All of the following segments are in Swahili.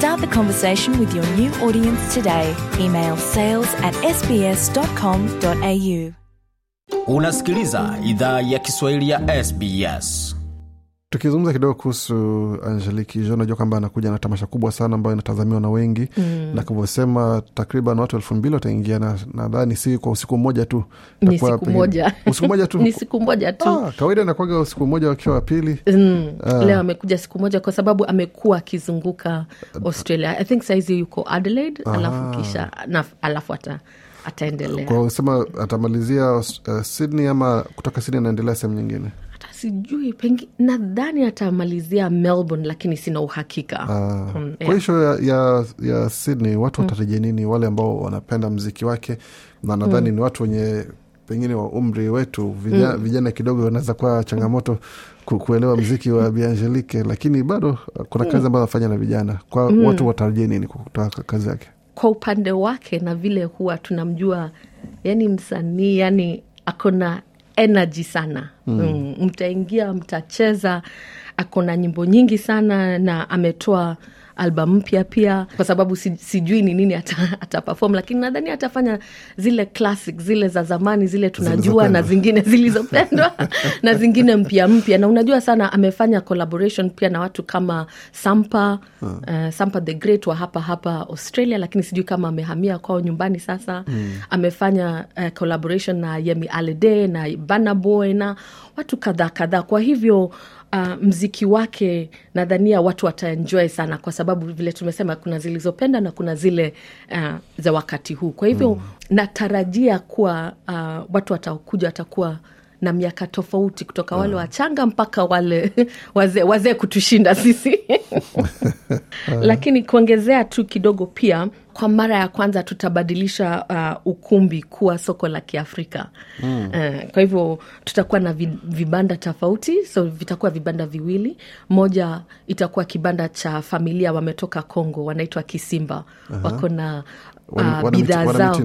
Start the conversation with your new audience today. Email sales at sbs.com.au. Unasikiliza idhaa ya Kiswahili ya SBS. Tukizungumza kidogo kuhusu angeliki Jo, najua kwamba anakuja na tamasha kubwa sana ambayo inatazamiwa na wengi mm. na kavyosema takriban watu elfu mbili wataingia, nadhani na si kwa usiku mmoja tu, usiku moja tu ni siku moja tu ah, kawaida nakwaga usiku mmoja wakiwa wapili mm. ah. Leo amekuja siku moja kwa sababu amekuwa akizunguka uh, Australia. I think yuko Adelaide ah. alafu kisha na, alafu ata ataendelea kwa sema atamalizia uh, Sydney ama kutoka Sydney anaendelea sehemu nyingine sijui pengi, nadhani atamalizia Melbourne, lakini sina uhakika. Ah, um, kwa hisho yeah. ya, ya, ya Sydney watu hmm. watarajia mm. nini? Wale ambao wanapenda mziki wake na nadhani mm. ni watu wenye pengine wa umri wetu vijana, mm. vijana kidogo wanaweza kuwa changamoto kuelewa mziki wa Biangelike, lakini bado uh, kuna hmm. kazi ambayo anafanya na vijana kwa mm. watu watarajia nini kutoka kazi yake kwa upande wake, na vile huwa tunamjua yani msanii yani akona energy sana mm. Mm, mtaingia mtacheza ako na nyimbo nyingi sana na ametoa albamu mpya pia, kwa sababu si, sijui ni nini ataperform ata, lakini nadhani atafanya zile classic zile za zamani zile tunajua na zingine zilizopendwa na zingine mpya mpya. Na unajua sana amefanya collaboration pia na watu kama Sampa hmm. uh, Sampa the Great wa hapa hapa Australia, lakini sijui kama amehamia kwao nyumbani sasa hmm. amefanya uh, collaboration na Yemi Alade na banaboy na watu kadhaa kadhaa, kwa hivyo uh, mziki wake nadhania watu wataenjoy sana, kwa sababu vile tumesema kuna zilizopenda na kuna zile uh, za wakati huu. Kwa hivyo mm. natarajia kuwa uh, watu watakuja watakuwa na miaka tofauti kutoka wale ah. wachanga mpaka wale wazee wazee kutushinda sisi lakini kuongezea tu kidogo pia kwa mara ya kwanza tutabadilisha uh, ukumbi kuwa soko la Kiafrika mm. Uh, kwa hivyo tutakuwa na vibanda tofauti, so vitakuwa vibanda viwili. Moja itakuwa kibanda cha familia wametoka congo wanaitwa Kisimba uh-huh. wako na uh, bidhaa zao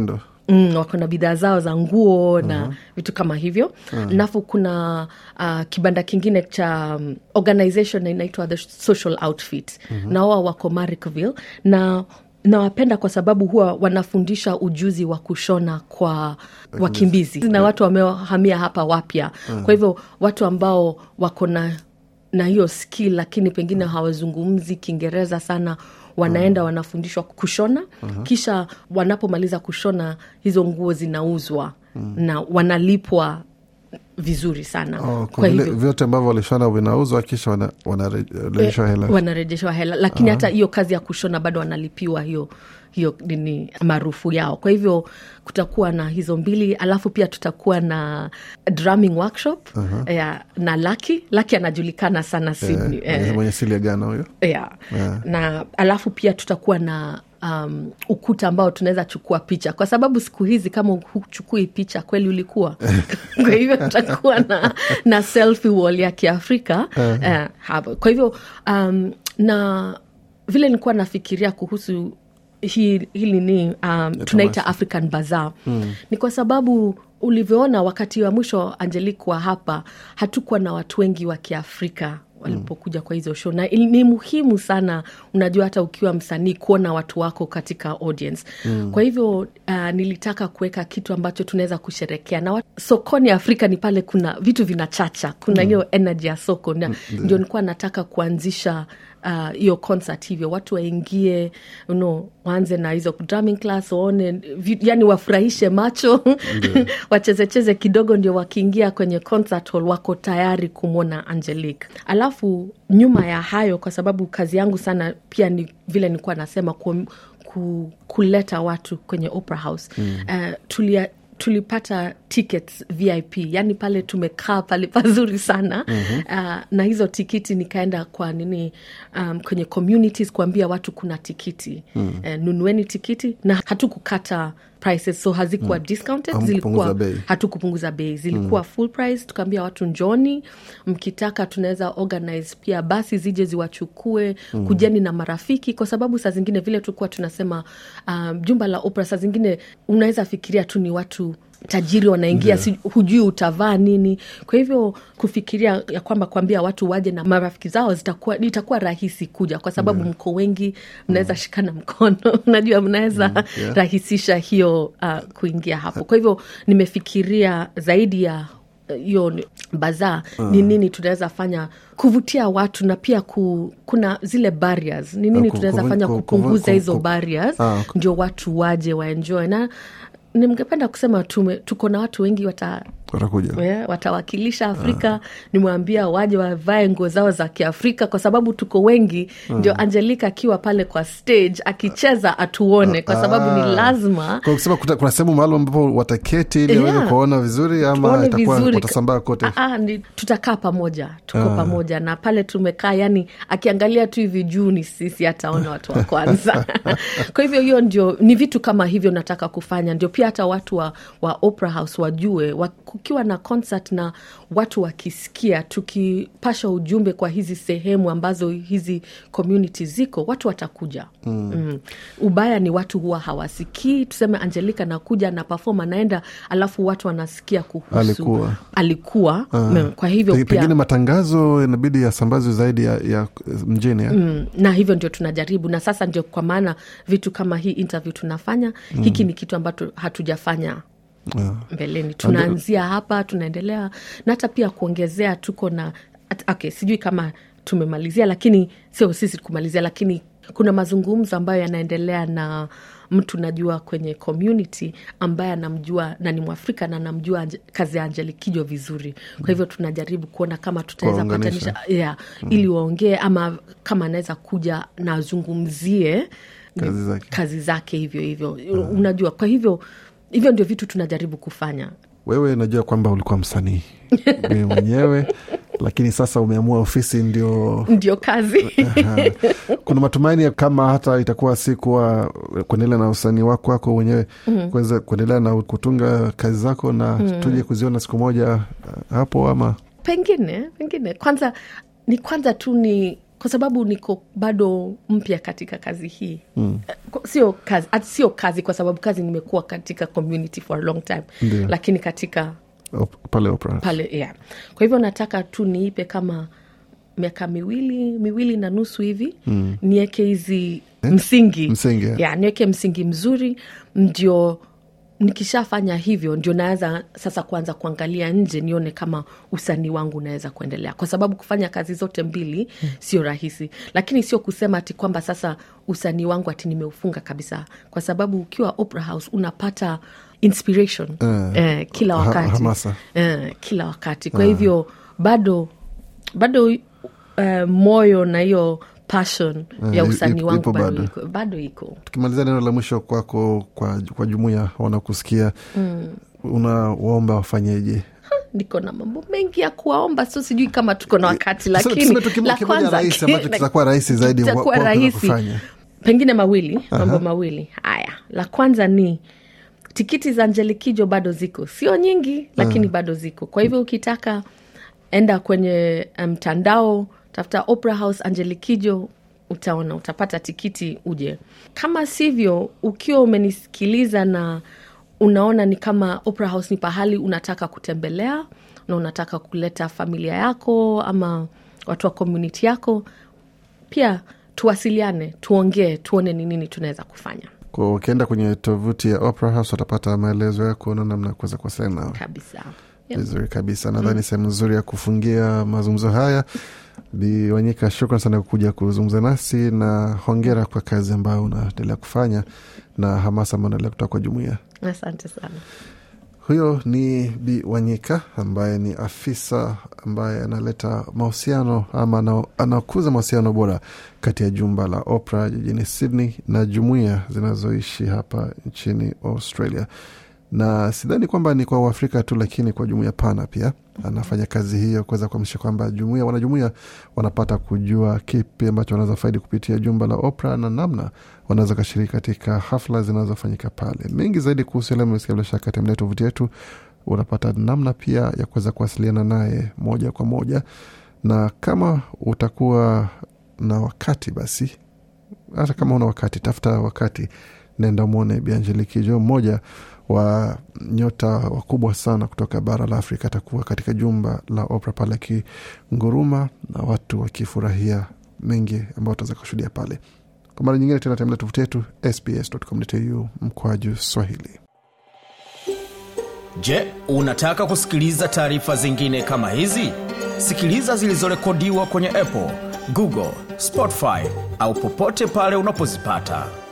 Mm, wako na bidhaa zao za nguo na uh-huh. vitu kama hivyo uh-huh. Alafu kuna uh, kibanda kingine cha um, organization inaitwa the social outfit uh-huh. na wao wako Marikville na nawapenda kwa sababu huwa wanafundisha ujuzi wa kushona kwa wakimbizi na watu wamehamia hapa wapya uh-huh. Kwa hivyo watu ambao wako na na hiyo skill lakini pengine hawazungumzi Kiingereza sana wanaenda wanafundishwa kushona uh-huh. Kisha wanapomaliza kushona hizo nguo zinauzwa uh-huh. na wanalipwa vizuri sana oh, kwa hivyo vyote ambavyo walishona vinauzwa kisha wanarejeshwa wana, hela wanarejeshwa hela lakini ah. hata hiyo kazi ya kushona bado wanalipiwa hiyo hiyo nini maarufu yao kwa hivyo kutakuwa na hizo mbili alafu pia tutakuwa na drumming workshop uh-huh. Eh, yeah, na laki laki anajulikana sana eh, sydney yeah, yeah. mwenye eh. huyo yeah. yeah. na alafu pia tutakuwa na um, ukuta ambao tunaweza chukua picha, kwa sababu siku hizi kama huchukui picha kweli ulikuwa kwa hivyo tutakuwa na, na selfie wall ya Kiafrika uh-huh. uh, kwa hivyo um, na vile nilikuwa nafikiria kuhusu hili ni um, tunaita African bazar hmm. ni kwa sababu ulivyoona wakati wa mwisho Angelique wa hapa, hatukuwa na watu wengi wa Kiafrika walipokuja kwa hizo show, na ni muhimu sana, unajua hata ukiwa msanii kuona watu wako katika audience mm. Kwa hivyo uh, nilitaka kuweka kitu ambacho tunaweza kusherekea na watu. Sokoni Afrika ni pale kuna vitu vinachacha, kuna mm. hiyo mm. energy ya soko na mm. mm. ndio nilikuwa nataka kuanzisha uh, hiyo uh, concert hivyo watu waingie you know, waanze na hizo drumming class waone, yani wafurahishe macho wachezecheze kidogo, ndio wakiingia kwenye concert hall wako tayari kumwona angelik Alafu nyuma ya hayo, kwa sababu kazi yangu sana pia ni vile nikuwa nasema ku, ku, kuleta watu kwenye opera house mm. Uh, tulia tulipata tickets VIP, yani pale tumekaa pale pazuri sana mm -hmm. Uh, na hizo tikiti nikaenda kwa nini, um, kwenye communities kuambia watu kuna tikiti mm Uh, nunueni tikiti na hatukukata prices so hazikuwa mm. discounted zilikuwa hatukupunguza bei zilikuwa mm. full price tukaambia watu njoni mkitaka tunaweza organize pia basi zije ziwachukue mm. kujeni na marafiki kwa sababu saa zingine vile tukuwa tunasema um, jumba la opera saa zingine unaweza fikiria tu ni watu tajiri wanaingia yeah. hujui utavaa nini kwa hivyo kufikiria ya kwamba kuambia watu waje na marafiki zao zitakuwa itakuwa rahisi kuja kwa sababu yeah. mko wengi mm. mnaweza mm. shikana mkono najua mnaweza mm. yeah. rahisisha hiyo uh, kuingia hapo kwa hivyo nimefikiria zaidi ya eh, hiyo bazaa uh. ni nini tunaweza fanya kuvutia watu na pia ku, kuna zile barriers ni nini ah, tunaweza fanya kupunguza hizo barriers ndio watu waje waenjoy na nimgependa kusema tume tuko na watu wengi wata watakuja yeah, watawakilisha Afrika yeah. Nimwambia waje wavae nguo zao za Kiafrika kwa sababu tuko wengi mm. Ndio Angelika akiwa pale kwa stage akicheza atuone kwa sababu Ni ah. lazima kusema, kuna, sehemu maalum ambapo wataketi ili yeah. waweze kuona vizuri ama watasambaa kote. Ah, ah, tutakaa pamoja tuko ah. pamoja na pale tumekaa, yani akiangalia tu hivi juu ni sisi ataona watu wa kwanza kwa hivyo hiyo ndio ni vitu kama hivyo nataka kufanya, ndio pia hata watu wa, wa Opera House wajue wa kukiwa na concert na watu wakisikia, tukipasha ujumbe kwa hizi sehemu ambazo hizi community ziko, watu watakuja. mm. Mm. Ubaya ni watu huwa hawasikii. Tuseme Angelika nakuja na perform anaenda, alafu watu wanasikia kuhusu alikuwa, alikuwa. Mm. Kwa hivyo pia pengine matangazo inabidi yasambazwe zaidi ya, ya mjini ya. Eh? Mm. Na hivyo ndio tunajaribu, na sasa ndio kwa maana vitu kama hii interview tunafanya. mm. Hiki ni kitu ambacho hatujafanya mbeleni. Tunaanzia hapa, tunaendelea na hata pia kuongezea, tuko na okay, sijui kama tumemalizia, lakini sio sisi kumalizia, lakini kuna mazungumzo ambayo yanaendelea na mtu najua kwenye community ambaye anamjua na ni Mwafrika na anamjua kazi ya njelikijo vizuri. Kwa hivyo tunajaribu kuona kama tutaweza patanisha yeah, mm, ili waongee ama kama anaweza kuja na azungumzie kazi zake, kazi zake hivyo hivyo, mm, unajua kwa hivyo Hivyo ndio vitu tunajaribu kufanya. Wewe najua kwamba ulikuwa msanii mimi mwenyewe lakini sasa umeamua ofisi ndio ndio kazi. Kuna matumaini kama hata itakuwa si kuwa kuendelea na usanii wako wako wenyewe mm. Mm-hmm. kuweza kuendelea na kutunga kazi zako na mm. tuje kuziona siku moja eh, hapo ama pengine pengine, kwanza ni kwanza tu ni kwa sababu niko bado mpya katika kazi hii mm. sio kazi sio kazi kwa sababu kazi nimekuwa katika community for a long time yeah. lakini katika pale, pale yeah. kwa hivyo nataka tu niipe kama miaka miwili miwili na nusu hivi mm. niweke hizi eh? msingi, msingi yeah. Yeah, niweke msingi mzuri ndio nikishafanya hivyo ndio naweza sasa kuanza kuangalia nje nione kama usanii wangu unaweza kuendelea, kwa sababu kufanya kazi zote mbili hmm, sio rahisi. Lakini sio kusema ati kwamba sasa usanii wangu ati nimeufunga kabisa, kwa sababu ukiwa Opera House unapata inspiration uh, eh, kila wakati ha, eh, kila wakati. Kwa eh. hivyo bado bado eh, moyo na hiyo passion ya eh, usanii wangu bado iko, bado iko. Tukimaliza neno la mwisho kwako kwa, kwa, jumuia wanakusikia mm. unawaomba wafanyeje? niko na mambo mengi ya kuwaomba, so sijui kama tuko na eh, wakati, lakini la kwanza kitakuwa rahisi zaidi, rahisi pengine mawili Aha. mambo mawili haya, la kwanza ni tikiti za njelikijo bado ziko, sio nyingi, lakini Aha. Eh. bado ziko. Kwa hivyo ukitaka enda kwenye mtandao um, tafuta Opera House Angelikijo, utaona utapata tikiti uje. Kama sivyo, ukiwa umenisikiliza na unaona ni kama Opera House ni pahali unataka kutembelea na unataka kuleta familia yako ama watu wa komuniti yako, pia tuwasiliane, tuongee, tuone ni nini tunaweza kufanya. Kwa ukienda kwenye tovuti ya Opera House watapata maelezo ya kuona namna ya kuweza kuwasiliana nao kabisa. Vizuri yep. kabisa, nadhani mm. sehemu nzuri ya kufungia mazungumzo haya Bi Wanyika, shukran sana kuja kuzungumza nasi na hongera kwa kazi ambayo unaendelea kufanya na hamasa ambayo unaendelea kutoa kwa jumuia. Asante sana. Huyo ni Bi Wanyika ambaye ni afisa ambaye analeta mahusiano ama anakuza mahusiano bora kati ya jumba la Opera jijini Sydney na jumuia zinazoishi hapa nchini Australia na sidhani kwamba ni kwa Uafrika tu, lakini kwa jumuia pana pia anafanya kazi hiyo kuweza kuamisha kwamba jumuia wanajumuia wanapata kujua kipi ambacho wanaweza faidi kupitia jumba la opra na namna wanaweza kashiriki katika hafla zinazofanyika pale. Mengi zaidi kuhusu yale mesikia bila shaka tembele tovuti yetu, unapata namna pia ya kuweza kuwasiliana naye moja kwa moja, na kama utakuwa na wakati basi, hata kama una wakati, tafuta wakati, nenda mwone biangeliki Jo mmoja wa nyota wakubwa sana kutoka bara la Afrika atakuwa katika jumba la Opera pale akinguruma na watu wakifurahia mengi ambayo tutaweza kushuhudia pale. Kwa mara nyingine tena tembelea tovuti yetu sbs.com.au mkwaju Swahili. Je, unataka kusikiliza taarifa zingine kama hizi? Sikiliza zilizorekodiwa kwenye Apple, Google, Spotify au popote pale unapozipata.